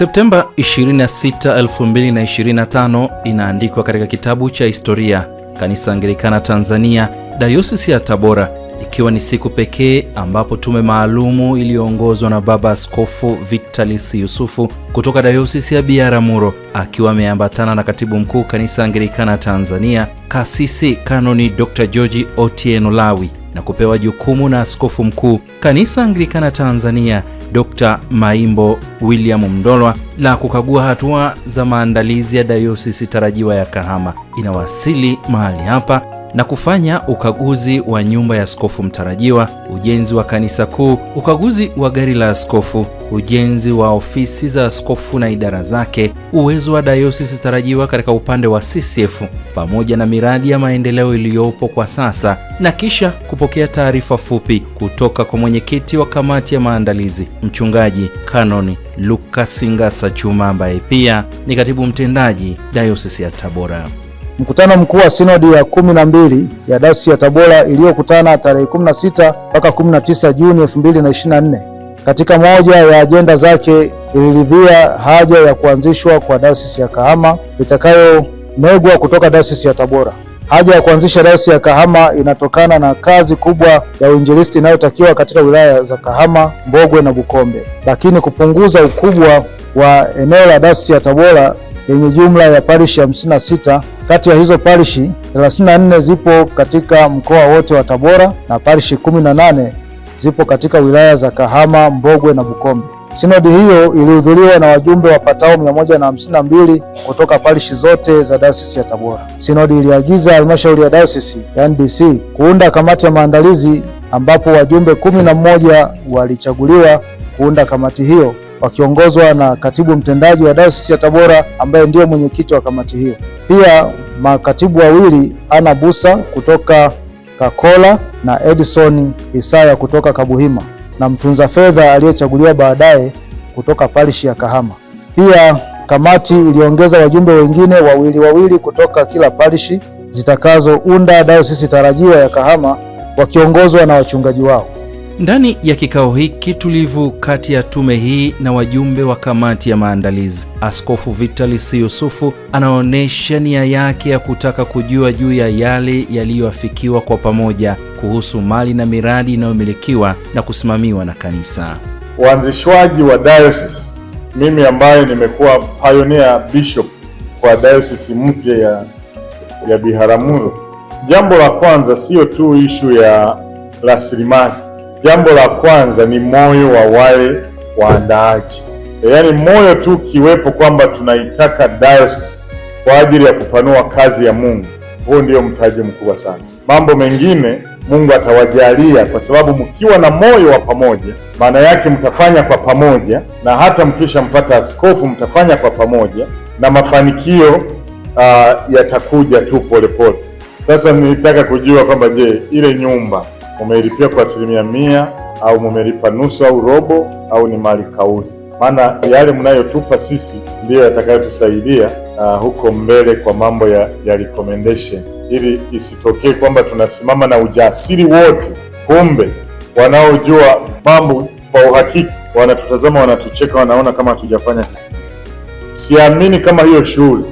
Septemba 26, 2025 inaandikwa katika kitabu cha historia Kanisa Anglikana Tanzania, Dayosisi ya Tabora, ikiwa ni siku pekee ambapo tume maalumu iliyoongozwa na Baba Askofu Vitalis Yusufu kutoka Dayosisi ya Biaramuro akiwa ameambatana na Katibu Mkuu Kanisa Anglikana Tanzania, Kasisi Kanoni Dr. George Otieno Lawi na kupewa jukumu na Askofu Mkuu Kanisa Anglikana Tanzania Dr. Maimbo William mdolwa la kukagua hatua za maandalizi ya dayosisi tarajiwa ya Kahama inawasili mahali hapa na kufanya ukaguzi wa nyumba ya askofu mtarajiwa, ujenzi wa kanisa kuu, ukaguzi wa gari la askofu, ujenzi wa ofisi za askofu na idara zake, uwezo wa dayosisi tarajiwa katika upande wa CCF pamoja na miradi ya maendeleo iliyopo kwa sasa, na kisha kupokea taarifa fupi kutoka kwa mwenyekiti wa kamati ya maandalizi Mchungaji Kanoni Lukas Ngasa Chuma ambaye pia ni katibu mtendaji dayosisi ya Tabora. Mkutano mkuu wa sinodi ya kumi na mbili ya dayosisi ya Tabora iliyokutana tarehe 16 mpaka 19 Juni 2024 katika moja ya ajenda zake iliridhia haja ya kuanzishwa kwa dayosisi ya Kahama itakayomegwa kutoka dayosisi ya Tabora. Haja ya kuanzisha dayosisi ya Kahama inatokana na kazi kubwa ya uinjilisti inayotakiwa katika wilaya za Kahama, Mbogwe na Bukombe, lakini kupunguza ukubwa wa eneo la dayosisi ya Tabora yenye jumla ya parishi 56. Kati ya hizo parishi 34 zipo katika mkoa wote wa Tabora na parishi 18 zipo katika wilaya za Kahama, Mbogwe na Bukombe. Sinodi hiyo ilihudhuriwa na wajumbe wapatao 152 kutoka parishi zote za dayosisi ya Tabora. Sinodi iliagiza halmashauri ya dayosisi yaani DC kuunda kamati ya maandalizi ambapo wajumbe kumi na mmoja walichaguliwa kuunda kamati hiyo wakiongozwa na katibu mtendaji wa Dayosisi ya Tabora ambaye ndiyo mwenyekiti wa kamati hiyo. Pia makatibu wawili Ana Busa kutoka Kakola na Edison Isaya kutoka Kabuhima na mtunza fedha aliyechaguliwa baadaye kutoka parishi ya Kahama. Pia kamati iliongeza wajumbe wengine wawili wawili kutoka kila parishi zitakazounda dayosisi tarajiwa ya Kahama wakiongozwa na wachungaji wao. Ndani ya kikao hiki tulivu kati ya tume hii na wajumbe wa kamati ya maandalizi, Askofu Vitalis Yusufu anaonyesha nia yake ya kutaka kujua juu ya yale yaliyoafikiwa kwa pamoja kuhusu mali na miradi inayomilikiwa na kusimamiwa na kanisa. Uanzishwaji wa diocese, mimi ambaye nimekuwa pioneer bishop kwa diocese mpya ya, ya Biharamulo, jambo la kwanza siyo tu ishu ya rasilimali Jambo la kwanza ni moyo wa wale waandaaji, yaani moyo tu kiwepo kwamba tunaitaka dayosisi kwa ajili ya kupanua kazi ya Mungu, huo ndio mtaji mkubwa sana. Mambo mengine Mungu atawajalia kwa sababu mkiwa na moyo wa pamoja, maana yake mtafanya kwa pamoja, na hata mkishampata askofu mtafanya kwa pamoja, na mafanikio uh, yatakuja tu polepole. Sasa nilitaka kujua kwamba je, ile nyumba mumeilipia kwa asilimia mia au mumelipa nusu au robo au ni mali kauli, maana yale mnayotupa sisi ndiyo yatakayotusaidia uh, huko mbele kwa mambo ya, ya recommendation, ili isitokee kwamba tunasimama na ujasiri wote, kumbe wanaojua mambo kwa uhakika wanatutazama, wanatucheka, wanaona kama hatujafanya Siamini kama hiyo shughuli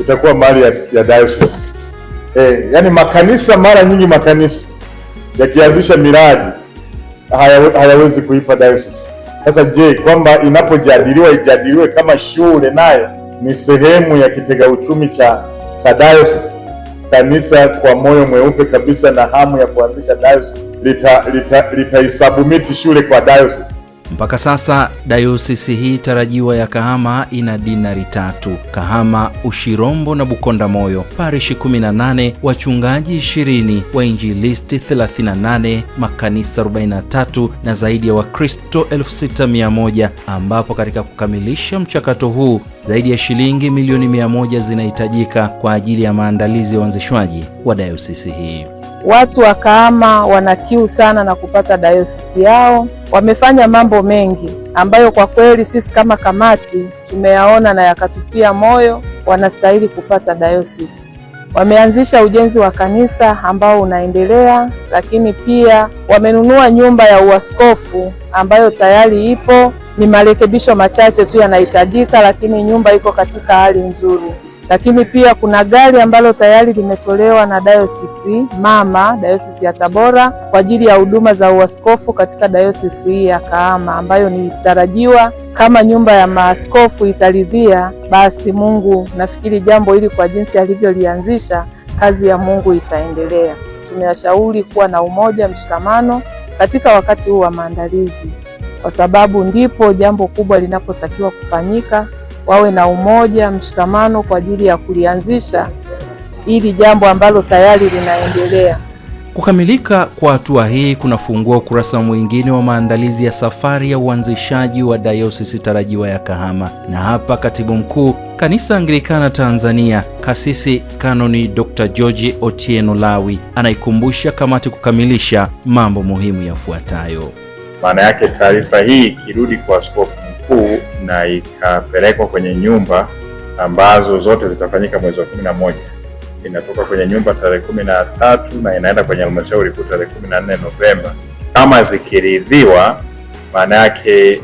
itakuwa mali ya, ya diocese. Eh, yani makanisa mara nyingi makanisa yakianzisha miradi haya, hayawezi kuipa diocese. Sasa je, kwamba inapojadiliwa ijadiliwe kama shule nayo ni sehemu ya kitega uchumi cha cha diocese? Kanisa kwa moyo mweupe kabisa na hamu ya kuanzisha diocese litaisubmiti lita, lita shule kwa diocese. Mpaka sasa dayosisi hii tarajiwa ya Kahama ina dinari tatu: Kahama, Ushirombo na Bukonda Moyo, parishi 18, wachungaji 20, wainjilisti 38, makanisa 43 na zaidi ya Wakristo 6100, ambapo katika kukamilisha mchakato huu zaidi ya shilingi milioni 100 zinahitajika kwa ajili ya maandalizi ya uanzishwaji wa dayosisi hii. Watu wa Kahama wana kiu sana na kupata dayosisi yao. Wamefanya mambo mengi ambayo kwa kweli sisi kama kamati tumeyaona na yakatutia moyo, wanastahili kupata dayosisi. Wameanzisha ujenzi wa kanisa ambao unaendelea, lakini pia wamenunua nyumba ya uaskofu ambayo tayari ipo. Ni marekebisho machache tu yanahitajika, lakini nyumba iko katika hali nzuri. Lakini pia kuna gari ambalo tayari limetolewa na dayosisi mama, dayosisi ya Tabora, kwa ajili ya huduma za uaskofu katika dayosisi hii ya Kahama, ambayo ni tarajiwa kama nyumba ya maaskofu itaridhia, basi Mungu nafikiri jambo hili kwa jinsi alivyolianzisha, kazi ya Mungu itaendelea. Tumewashauri kuwa na umoja, mshikamano katika wakati huu wa maandalizi, kwa sababu ndipo jambo kubwa linapotakiwa kufanyika wawe na umoja, mshikamano kwa ajili ya kulianzisha hili jambo ambalo tayari linaendelea. Kukamilika kwa hatua hii kunafungua ukurasa mwingine wa maandalizi ya safari ya uanzishaji wa dayosisi tarajiwa ya Kahama. Na hapa katibu mkuu Kanisa Anglikana Tanzania, kasisi kanoni Dr. George Otieno Lawi anaikumbusha kamati kukamilisha mambo muhimu yafuatayo. Maana yake taarifa hii ikirudi kwa askofu kuu na ikapelekwa kwenye nyumba ambazo zote zitafanyika mwezi wa kumi na moja. Inatoka kwenye nyumba tarehe kumi na tatu na inaenda kwenye halmashauri kuu tarehe kumi na nne Novemba. Kama zikiridhiwa, maana yake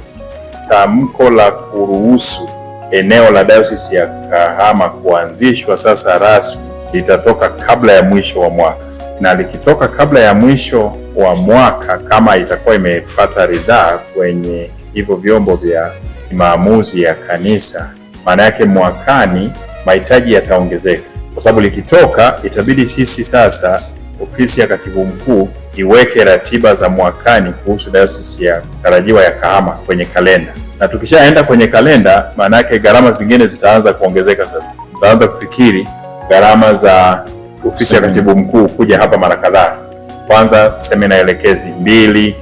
tamko la kuruhusu eneo la dayosisi ya Kahama kuanzishwa sasa rasmi litatoka kabla ya mwisho wa mwaka, na likitoka kabla ya mwisho wa mwaka, kama itakuwa imepata ridhaa kwenye hivyo vyombo vya maamuzi ya kanisa, maana yake mwakani mahitaji yataongezeka, kwa sababu likitoka itabidi sisi sasa ofisi ya katibu mkuu iweke ratiba za mwakani kuhusu dayosisi ya tarajiwa ya Kahama kwenye kalenda, na tukishaenda kwenye kalenda, maana yake gharama zingine zitaanza kuongezeka. Sasa tutaanza kufikiri gharama za ofisi ya katibu mkuu kuja hapa mara kadhaa, kwanza semina elekezi mbili,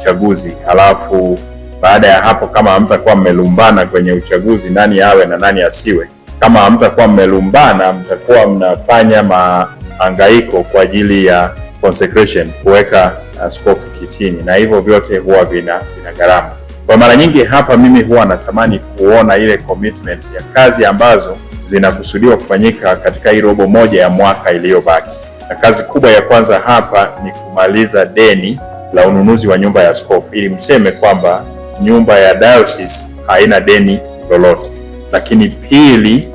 uchaguzi, halafu baada ya hapo, kama hamtakuwa mmelumbana kwenye uchaguzi nani awe na nani asiwe, kama hamtakuwa mmelumbana, mtakuwa mnafanya maangaiko kwa ajili ya consecration, kuweka askofu kitini, na hivyo vyote huwa vina vina gharama. Kwa mara nyingi hapa mimi huwa natamani kuona ile commitment ya kazi ambazo zinakusudiwa kufanyika katika hii robo moja ya mwaka iliyobaki, na kazi kubwa ya kwanza hapa ni kumaliza deni la ununuzi wa nyumba ya askofu, ili mseme kwamba nyumba ya diocese haina deni lolote. Lakini pili,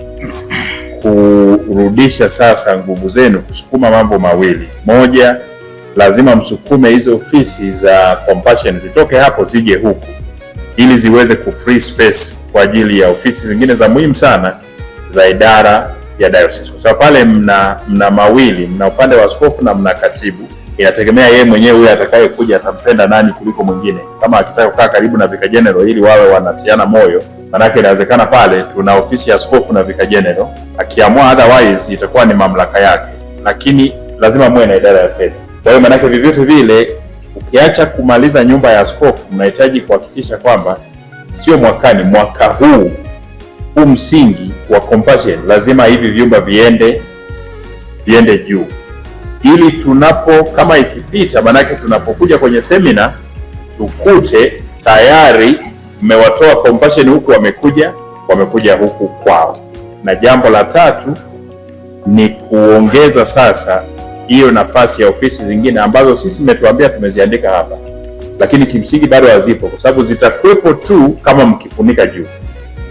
kurudisha sasa nguvu zenu kusukuma mambo mawili. Moja, lazima msukume hizo ofisi za Compassion zitoke hapo zije huku ili ziweze ku free space kwa ajili ya ofisi zingine za muhimu sana za idara ya diocese, kwa sababu pale mna mna mawili, mna upande wa askofu na mna katibu inategemea yeye mwenyewe huyo atakayekuja atampenda nani kuliko mwingine. Kama akitaka kukaa karibu na vika General ili wawe wanatiana moyo, manake inawezekana pale tuna ofisi ya askofu na vika General, akiamua otherwise itakuwa ni mamlaka yake, lakini lazima muwe na idara ya fedha. Kwa hiyo manake vyovyote vile, ukiacha kumaliza nyumba ya askofu, mnahitaji kuhakikisha kwamba sio mwakani, mwaka huu huu msingi wa compassion lazima hivi vyumba viende viende juu ili tunapo kama ikipita, maanake tunapokuja kwenye semina tukute tayari mmewatoa compassion huku wamekuja wamekuja huku kwao. Na jambo la tatu ni kuongeza sasa hiyo nafasi ya ofisi zingine ambazo sisi mmetuambia tumeziandika hapa, lakini kimsingi bado hazipo, kwa sababu zitakuwepo tu kama mkifunika juu.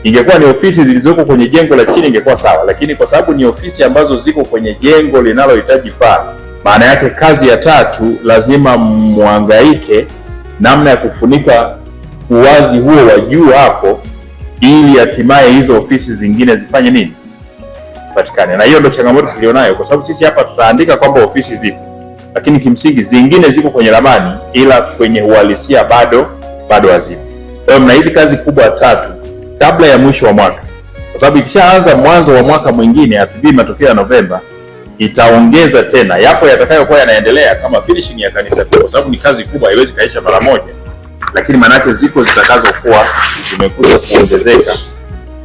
Ingekuwa ni ofisi zilizoko kwenye jengo la chini ingekuwa sawa, lakini kwa sababu ni ofisi ambazo ziko kwenye jengo linalohitaji paa, maana yake kazi ya tatu, lazima mwangaike namna ya kufunika uwazi huo wa juu hapo, ili hatimaye hizo ofisi zingine zifanye nini? Zipatikane. Na hiyo ndio changamoto tulionayo, kwa sababu sisi hapa tutaandika kwamba ofisi zipo, lakini kimsingi zingine ziko kwenye ramani, ila kwenye uhalisia bado bado hazipo. Kwa hiyo mna hizi kazi kubwa tatu kabla ya mwisho wa mwaka, kwa sababu ikishaanza mwanzo wa mwaka mwingine, hatujui matokeo ya Novemba itaongeza tena yapo yatakayokuwa yanaendelea kama finishing ya kanisa kuu, kwa sababu ni kazi kubwa, haiwezi kaisha mara moja, lakini maanake ziko zitakazokuwa zimekuja kuongezeka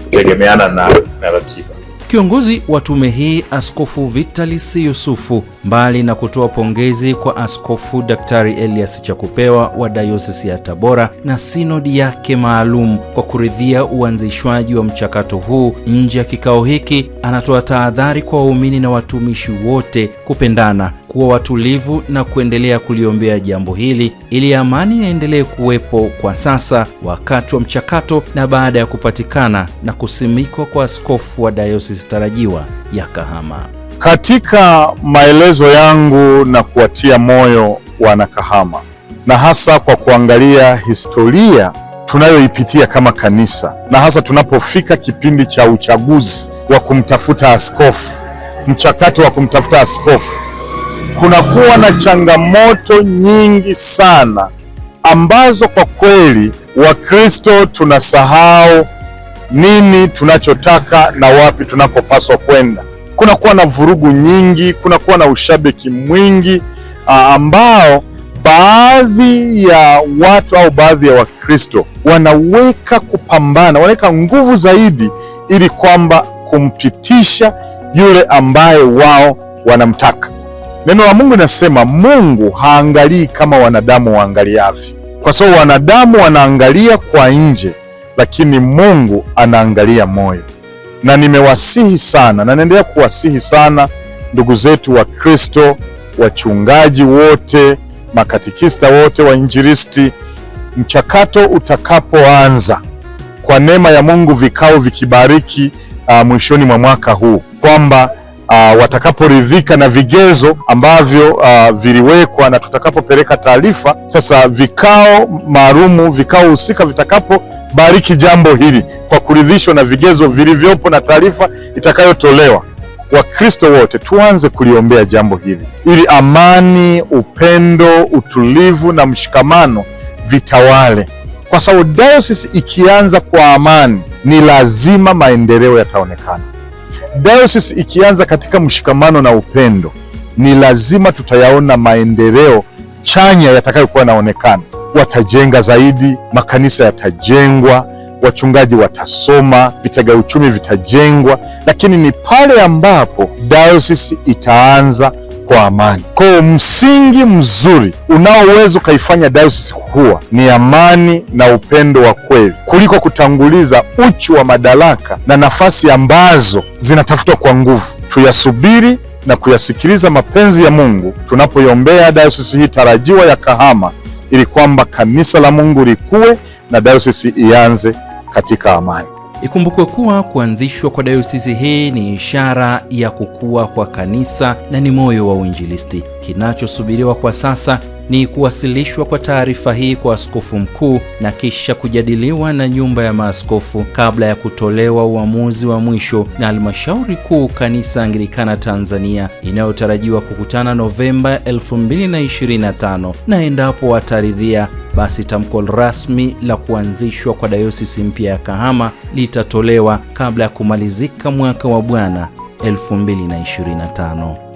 kutegemeana na, na ratiba. Kiongozi wa tume hii Askofu Vitalis Yusufu, mbali na kutoa pongezi kwa Askofu Daktari Elias Chakupewa wa Dayosisi ya Tabora na sinodi yake maalum kwa kuridhia uanzishwaji wa mchakato huu, nje ya kikao hiki anatoa tahadhari kwa waumini na watumishi wote kupendana kuwa watulivu na kuendelea kuliombea jambo hili ili amani iendelee kuwepo kwa sasa, wakati wa mchakato na baada ya kupatikana na kusimikwa kwa askofu wa dayosisi tarajiwa ya Kahama. Katika maelezo yangu na kuwatia moyo wanakahama na hasa kwa kuangalia historia tunayoipitia kama kanisa na hasa tunapofika kipindi cha uchaguzi wa kumtafuta askofu, mchakato wa kumtafuta askofu kunakuwa na changamoto nyingi sana ambazo kwa kweli Wakristo tunasahau nini tunachotaka na wapi tunakopaswa kwenda. Kunakuwa na vurugu nyingi, kunakuwa na ushabiki mwingi ambao baadhi ya watu au baadhi ya Wakristo wanaweka kupambana, wanaweka nguvu zaidi ili kwamba kumpitisha yule ambaye wao wanamtaka. Neno la Mungu linasema Mungu haangalii kama wanadamu waangaliavyo, kwa sababu wanadamu wanaangalia kwa nje, lakini Mungu anaangalia moyo. Na nimewasihi sana na naendelea kuwasihi sana ndugu zetu wa Kristo, wachungaji wote, makatikista wote, wainjilisti, mchakato utakapoanza kwa neema ya Mungu, vikao vikibariki uh, mwishoni mwa mwaka huu kwamba uh, watakaporidhika na vigezo ambavyo uh, viliwekwa na tutakapopeleka taarifa sasa, vikao maalumu, vikao husika vitakapobariki jambo hili kwa kuridhishwa na vigezo vilivyopo na taarifa itakayotolewa, Wakristo wote tuanze kuliombea jambo hili ili amani, upendo, utulivu na mshikamano vitawale, kwa sababu dayosisi ikianza kwa amani, ni lazima maendeleo yataonekana. Dayosisi ikianza katika mshikamano na upendo, ni lazima tutayaona maendeleo chanya yatakayokuwa yanaonekana. Watajenga zaidi, makanisa yatajengwa, wachungaji watasoma, vitega uchumi vitajengwa, lakini ni pale ambapo dayosisi itaanza kwa amani. Kwa msingi mzuri unaoweza ukaifanya dayosisi kuwa ni amani na upendo wa kweli kuliko kutanguliza uchu wa madaraka na nafasi ambazo zinatafutwa kwa nguvu. Tuyasubiri na kuyasikiliza mapenzi ya Mungu tunapoiombea dayosisi hii tarajiwa ya Kahama ili kwamba kanisa la Mungu likue na dayosisi ianze katika amani. Ikumbukwe kuwa kuanzishwa kwa dayosisi hii ni ishara ya kukua kwa kanisa na ni moyo wa uinjilisti. Kinachosubiriwa kwa sasa ni kuwasilishwa kwa taarifa hii kwa askofu mkuu na kisha kujadiliwa na nyumba ya maaskofu kabla ya kutolewa uamuzi wa mwisho na halmashauri kuu kanisa Anglikana Tanzania inayotarajiwa kukutana Novemba 2025 na endapo wataridhia basi tamko rasmi la kuanzishwa kwa dayosisi mpya ya Kahama litatolewa kabla ya kumalizika mwaka wa Bwana 2025.